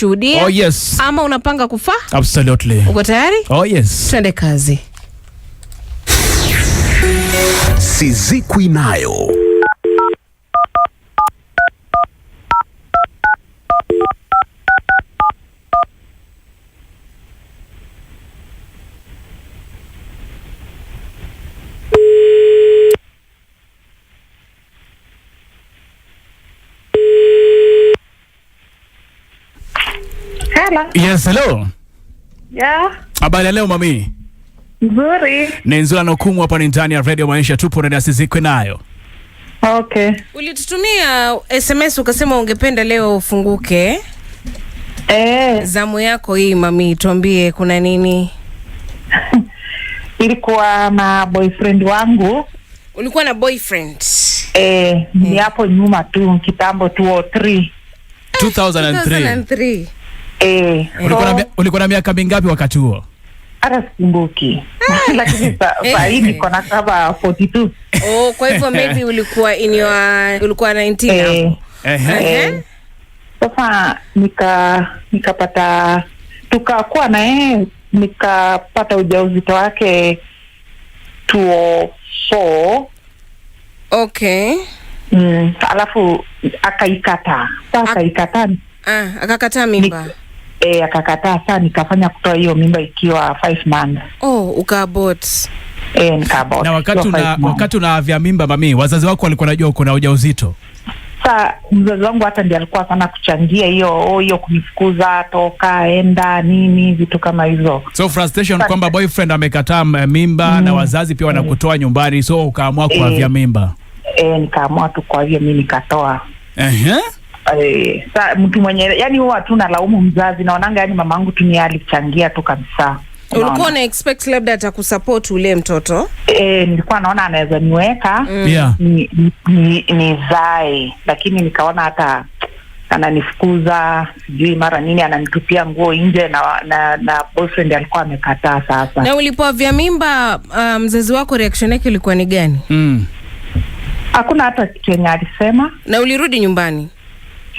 kushuhudia? Oh, yes. Ama unapanga kufaa Absolutely. Uko tayari? Oh, yes. Twende kazi. Sizikwi nayo Ndala. Yes, hello. Yeah. Habari ya leo mami? Nzuri. Ni nzuri Ukumu hapa ni ndani ya Radio Maisha tupo na asizikwe nayo. Okay. Ulitutumia SMS ukasema ungependa leo ufunguke. Eh. Zamu yako hii mami, tuambie kuna nini? Ilikuwa na boyfriend wangu. Ulikuwa na boyfriend? Eh, ni eh. hapo nyuma tu kitambo 2003. 2003. 2003. Eh, ulikuwa na miaka mingapi wakati huo? Hata sikumbuki. Ah. Lakini sasa hivi kuna kama 42. Oh, kwa hivyo maybe ulikuwa in your ulikuwa 19 hapo. Eh. eh. Sasa nika nikapata tukakuwa na yeye nikapata ujauzito wake 2004. Okay. Mm, alafu akaikata. Sasa akaikataa. Ah, akakataa mimba. Nik eh, akakataa. Saa nikafanya kutoa hiyo mimba ikiwa five months. Oh, ukaabort? Eh, nikaabort. Na wakati una wakati unaavya mimba, mami, wazazi wako walikuwa najua uko na ujauzito? Sa mzazi wangu hata ndiye alikuwa sana kuchangia hiyo oh, hiyo, kunifukuza toka, enda nini, vitu kama hizo. So frustration kwamba boyfriend amekataa mimba mm, na wazazi pia wanakutoa mm, nyumbani, so ukaamua kuavya e, mimba? Eh, nikaamua tu kwa kuavya, mi nikatoa. uh -huh. Eh, mtu mwenye yani huwa tu laumu mzazi, naonanga yani angu tu niye alichangia tu kabisa. Ulikuwa una expect labda atakusupport ule mtoto? E, nilikuwa naona anaweza niweka mm. yeah. ni, ni, ni lakini nikaona hata ananifukuza sijui mara nini, ananitupia nguo nje na, na, na boyfriend alikuwa amekataa. Sasa na ulipoavya mimba uh, mzazi wako reaction yake ilikuwa ni gani? Mm. Hakuna mm. hata kitu yenye alisema. Na ulirudi nyumbani?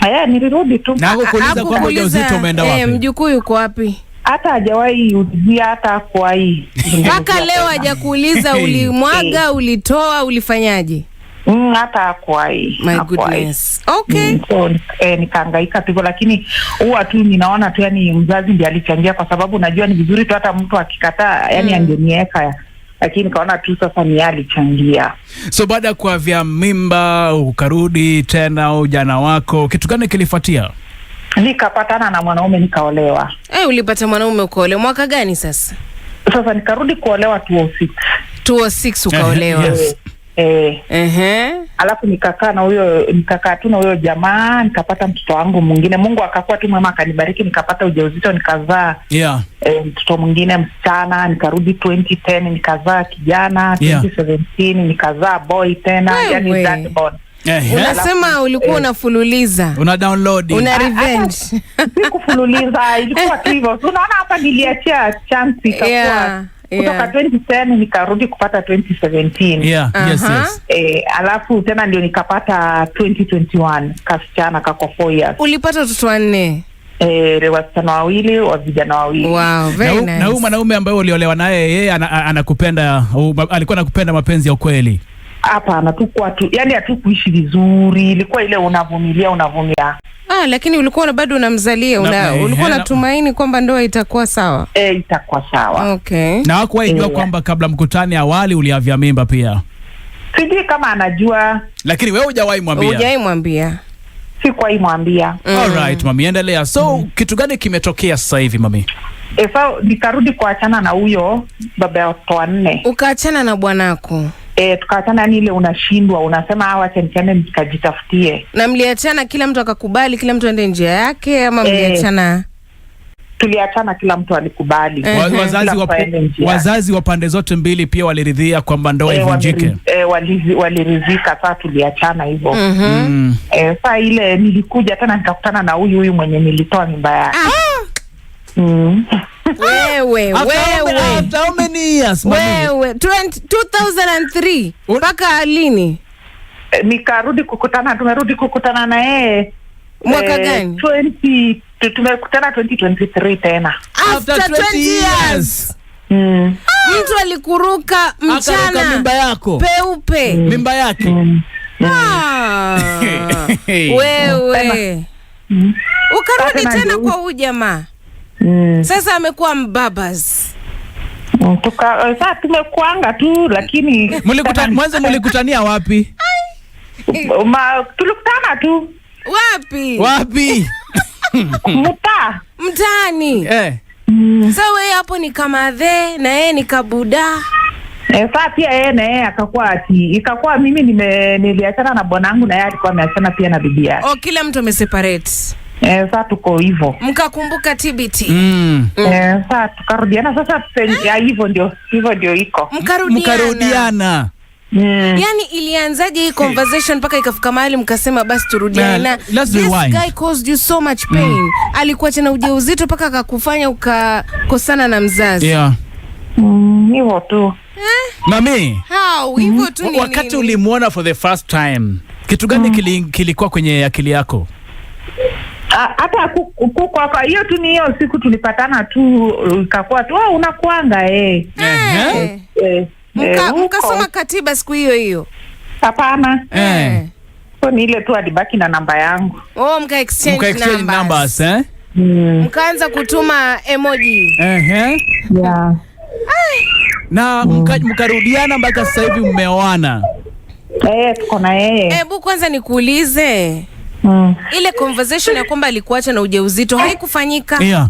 Haya, nilirudi tu nako kuuliza kwamba ujauzito umeenda eh, wapi? Eh, mjukuu yuko wapi? hata hajawahi ulizia hata kwa hii mpaka leo hajakuuliza ulimwaga, ulitoa, ulifanyaje? Mm, hata hii. my goodness. Okay. Mm, so, eh, nikaangaika tu hivyo, lakini huwa tu ninaona tu yani mzazi ndiye alichangia, kwa sababu najua ni vizuri tu hata mtu akikataa yani mm. angeniweka lakini kaona tu sasa ni alichangia. So baada ya kuavya mimba ukarudi tena ujana wako, kitu gani kilifuatia? Nikapatana na mwanaume nikaolewa. Eh, ulipata mwanaume ukaolewa mwaka gani? Sasa sasa nikarudi kuolewa 2006. 2006 ukaolewa? yes eh, ehe. Alafu nikakaa na huyo nikakaa tu na huyo jamaa, nikapata mtoto wangu mwingine. Mungu akakuwa tu mama akanibariki, nikapata ujauzito, nikazaa yeah. eh, mtoto mwingine msichana. Nikarudi 2010 nikazaa kijana yeah. 2017 nikazaa boy tena, yani that born Unasema ulikuwa eh. unafululiza, una download, una ah, ah, revenge. Sikufululiza, ilikuwa tu hivyo. Unaona hapa niliachia chance yeah kutoka 2010 nikarudi kupata 2017. Yeah, uh -huh. Yes, uh-huh. yes. E, alafu tena ndio nikapata 2021 kasichana kako 4 years. Ulipata watoto wanne? Eh, wasichana wawili wa vijana wawili. Wow, very na, nice. Na huyu mwanaume ambaye uliolewa naye yeye anakupenda, ana, alikuwa anakupenda mapenzi ya ukweli? Hapana, tukua tu, yani hatukuishi vizuri, ilikuwa ile unavumilia unavumilia Ah, lakini ulikuwa bado unamzalia una, na, eh, ulikuwa unatumaini kwamba ndoa itakuwa sawa e, itakuwa sawa okay. Na hakuwahi jua eh. kwamba kabla mkutani awali uliavya mimba pia? Sijui kama anajua, lakini wewe hujawahi mwambia? Hujawahi mwambia Sikuwahi mwambia. Mm. Alright, mami endelea. So mm, kitu gani kimetokea sasa hivi mami? E, so nikarudi kuachana na huyo baba ya watoto wanne. Ukaachana na bwanako? e, eh, tukawachana yani ile unashindwa unasema ah, wachanichane nikajitafutie. Na mliachana kila mtu akakubali, kila mtu aende njia yake ama e, Tuliachana kila mtu alikubali. Eh. Wa, wazazi, wa, wazazi wa pande zote mbili pia waliridhia kwamba ndoa ivunjike. E, waliridhika saa tuliachana hivyo mhm. mm -hmm. mm. E, saa ile nilikuja tena nikakutana na huyu huyu mwenye nilitoa mimba yake ah. mm mpaka lini? E, nikarudi kukutana, tumerudi kukutana na yeye e, mwaka gani? tumekutana 2023 tena. After 20 years. Mm. Ah, mtu alikuruka mchana mimba yako peupe mm. mimba yake mm. mm. Ah. wewe mm. ukarudi tena kwa huu jamaa mm. Sasa amekuwa mbabas mm, tuka, eh, saa tumekuanga tu lakini mwanzo mlikutania wapi? Ma, tulikutana tu wapi wapi? mtaa mtaani eh. Mm. Sa wewe hapo ni kamadhe na yeye ni kabuda E, eh, saa pia yeye na yeye akakuwa ati ikakuwa mimi nime niliachana na bwanangu na yeye alikuwa ameachana pia na bibi yake. Oh, kila mtu ameseparate. Eh, saa tuko hivyo mkakumbuka TBT mm. Eh, saa tukarudiana sasa ya hivyo ndio hivyo ndio iko mkarudiana, Mm. Yaani ilianzaje hii eh. conversation mpaka ikafika mahali mkasema basi turudiana. Nah, this rewind. guy caused you so much pain. Mm. Alikuwa tena ujauzito mpaka akakufanya ukakosana na mzazi. Yeah. Mm, hivyo tu. Eh? Mami. How? Hivyo tu ni Wakati ulimuona for the first time, kitu gani mm. kilikuwa kili kwenye akili yako? hata kukwa. Kwa hiyo tu ni hiyo siku tulipatana tu, uh, ikakuwa tu unakwanga eh, eh, eh. eh mkasoma katiba siku hiyo hiyo? Hapana, so ni ile tu alibaki na namba yangu. Oh, mka exchange numbers eh, mm. mkaanza kutuma emoji eh, yeah na mkarudiana mpaka sasa hivi mmeoana. Eh, tuko na yeye. Hebu kwanza nikuulize Mm. Ile conversation ya kwamba alikuacha na ujauzito haikufanyika. Hiyo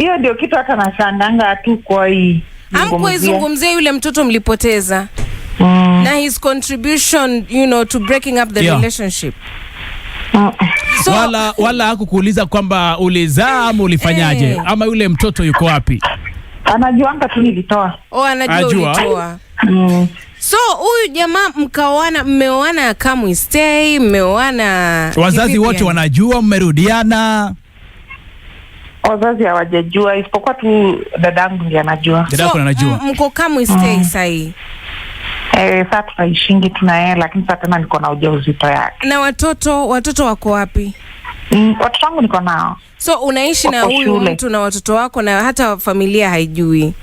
yeah, ndio kitu hata nashanganga tu kwa hii. Hamkuizungumzia yule mtoto mlipoteza. Mm. Na his contribution, you know, to breaking up the yeah, relationship. Mm. So, wala wala hakukuuliza kwamba ulizaa ama ulifanyaje eh, ama yule mtoto yuko wapi? Anajuanga tu nilitoa. Oh, anajua ulitoa. Mm. So huyu jamaa mkaoana, mmeoana come stay, mmeoana wazazi wote wanajua, mmerudiana? Wazazi hawajajua isipokuwa tu dadangu ndiye anajua. Dadangu anajua. Mm, mko come mm. stay mm. Sahii eh, saa tunaishingi tuna yeye, lakini saa tena niko na ujauzito yake. Na watoto watoto wako wapi? Mm, watoto wangu niko nao. So unaishi wako na huyu mtu na watoto wako, na hata familia haijui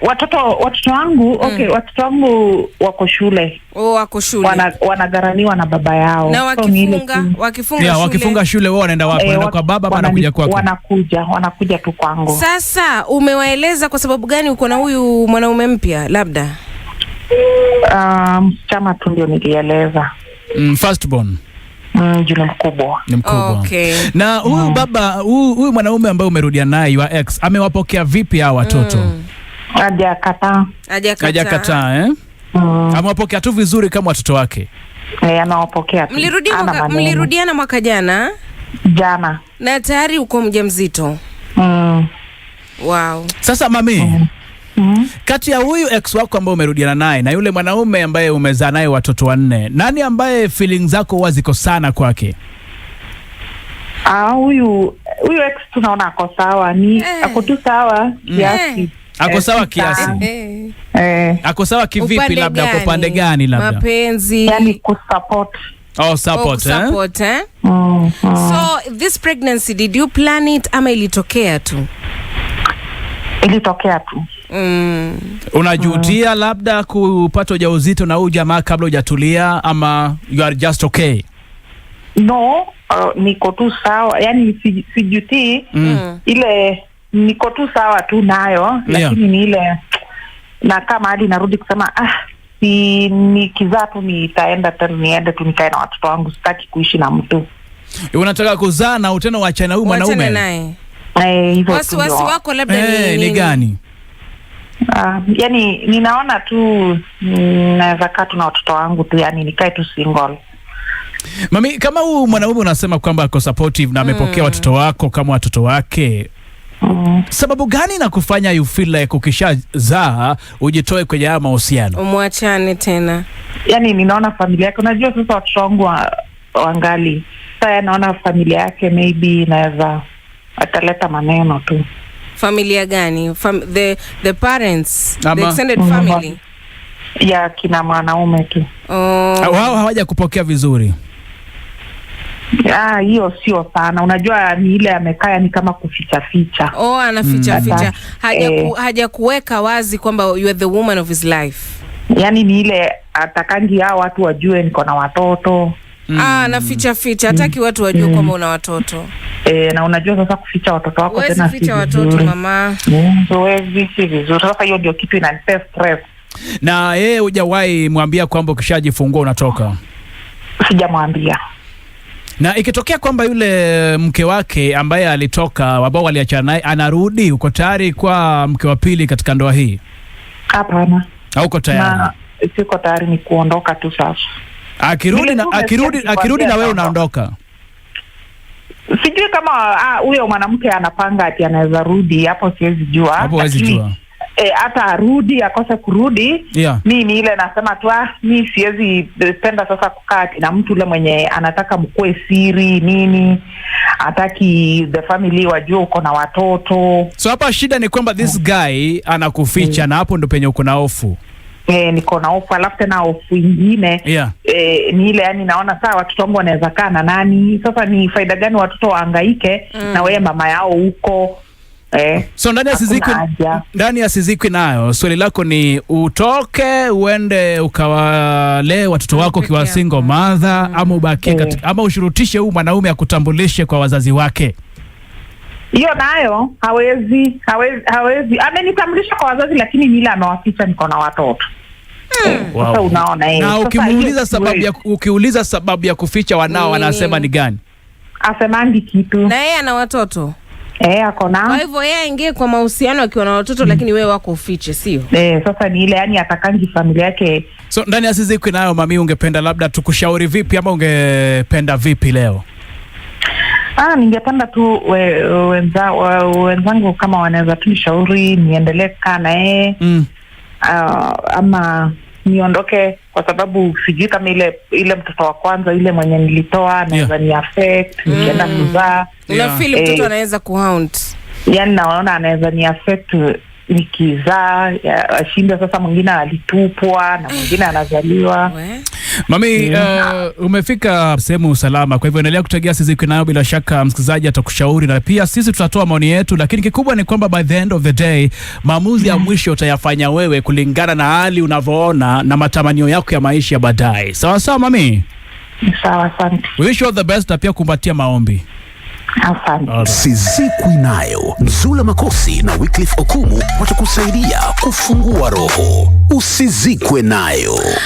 watoto watoto wangu mm. okay, watoto wangu wako shule oh, wako shule wana, wana na baba yao na wakifunga, so, wakifunga, yeah, wakifunga shule wao wanaenda wapi? Eh, wanaenda kwa baba ama wanakuja kwako? Wanakuja wanakuja tu kwangu. Sasa umewaeleza kwa sababu gani uko na huyu mwanaume mpya? Labda msichana um, tu ndio nilieleza mm, first born Mm, ni mkubwa ni mkubwa. Okay. Na huyu mm. baba huyu mwanaume ambaye umerudia naye wa ex amewapokea vipi hao watoto mm. Hajakataa, hajakataa eh? Mm. Amewapokea tu vizuri kama watoto wake eh, anawapokea. Mlirudiana mwaka jana jana, na tayari uko mjamzito mm. Wow. Sasa mami mm. Mm. Kati ya huyu ex wako ambaye umerudiana naye na yule mwanaume ambaye umezaa naye watoto wanne, nani ambaye feeling zako huwa ziko sana kwake? Ah, huyu huyu ex tunaona ako sawa, ni eh. ako tu sawa mm. kiasi eh. Ako sawa kiasi eh, Ako sawa kivipi? Labda kwa upande gani? Labda mapenzi, yani kusupport Oh, support, oh, eh? Support, eh? Eh? Mm, mm. So this pregnancy did you plan it ama ilitokea tu? Ilitokea tu. Mm. Unajutia mm. labda kupata ujauzito na huyu jamaa kabla hujatulia ama you are just okay? No, uh, niko tu sawa, yani sijutii mm. mm. ile niko tu sawa tu nayo, lakini yeah. ni ile na kama hadi narudi kusema ah, si nikizaa tu nitaenda tena niende tu nikae na watoto wangu, sitaki kuishi na mtu. Eh, unataka kuzaa na tena uachane huyu mwanaume naye? Eh, wasiwasi wako labda hey, eh, ni gani? Uh, yani ninaona tu naweza kaa tu na watoto wangu tu, yani nikae tu single. Mami, kama huu mwanaume unasema kwamba ako supportive na amepokea mm. watoto wako kama watoto wake Mm. Sababu gani na kufanya you feel like ukishazaa ujitoe kwenye haya mahusiano umwachane tena? Yani ninaona familia yake, unajua sasa watoto wangu wangali saya, yaani, naona familia yake maybe inaweza ataleta maneno tu. Familia gani? Fam the the parents Ama. the extended mm-hmm. family ya kina mwanaume tu. Oh. Wao hawaja kupokea vizuri Ah, hiyo sio sana. Unajua ni ile amekaa ni kama kuficha ficha. Oh, anaficha mm, ficha. Haja eh, ku, haja kuweka wazi kwamba you are the woman of his life. Yaani ni ile atakangi hao watu wajue niko na watoto. Ah, mm. Ah, anaficha ficha. Hataki mm, watu wajue mm, kwamba una watoto. Eh, na unajua sasa kuficha watoto wako Uwezi tena ficha watoto mama. Mama. Mm, si vizuri. Sasa hiyo ndio kitu inanipea stress. Na yeye hujawahi mwambia kwamba ukishajifungua unatoka? Sijamwambia. Na ikitokea kwamba yule mke wake ambaye alitoka ambao waliachana naye anarudi, uko tayari kwa mke wa pili katika ndoa hii? Hapana, hauko tayari. Na siko tayari, ni kuondoka tu sasa. Akirudi na akirudi akirudi na wewe unaondoka? Sijui kama ah, huyo uh, mwanamke anapanga ati anaweza rudi hapo, siwezi jua. Hapo huwezi jua. Eh, hata e, arudi akose kurudi yeah. Mi ni ile nasema tu ah, mi siwezi eh, penda sasa kukaa na mtu ule mwenye anataka mkue siri nini, hataki the family wajua uko na watoto. So hapa shida ni kwamba this guy anakuficha yeah. Mm. na hapo ndo penye uko na hofu E, niko na hofu alafu tena hofu ingine yeah. E, ni ile yani, naona saa watoto wangu wanaweza kaa na nani sasa? Ni faida gani watoto waangaike mm. na wewe mama yao huko Eh, so ndani ya Sizikwi ndani ya Sizikwi nayo swali lako ni utoke uende ukawalee watoto wako kiwa single mother mm, ama ubakie eh, ama ushurutishe huyu mwanaume akutambulishe kwa wazazi wake? Hiyo nayo hawezi, hawezi, hawezi. Amenitambulisha kwa wazazi, lakini nile amewaficha niko na watoto. Hmm. Eh, wow. Unaona, eh. Na ukimuuliza sababu ya ukiuliza sababu ya kuficha wanao, mm, wanasema ni gani? asemangi kitu. Na yeye ana watoto Eh, na. Kwa hivyo yeye aingie kwa mahusiano akiwa na watoto mm. Lakini wewe wako ufiche, sio? Eh, sasa ni ile yani atakangi familia yake. So ndani ya siku nayo mami, ungependa labda tukushauri vipi ama ungependa vipi leo? Ah, ningependa tu we, wenza, we, wenzangu kama wanaweza tunishauri niendelee kukaa na yeye mm. Uh, ama niondoke kwa sababu sijui kama ile ile mtoto wa kwanza ile mwenye nilitoa naweza ni affect mm. nikienda kuzaa, unafeel mtoto eh, anaweza kuhaunt, yani naona anaweza ni affect nikizaa ashinda sasa, mwingine alitupwa na mwingine anazaliwa. Mami, uh, umefika sehemu salama, kwa hivyo endelea kutegea sisi nayo, bila shaka msikilizaji atakushauri na pia sisi tutatoa maoni yetu, lakini kikubwa ni kwamba by the end of the day maamuzi ya mm. mwisho utayafanya wewe kulingana na hali unavyoona na matamanio yako ya maisha ya baadaye. Sawa sawa, mami? Sawa, asante. We wish you all the best na pia kumbatia maombi. Asante. inayo nayo Nzula Makosi na wiklif Okumu watakusaidia kufungua roho. Usizikwe nayo.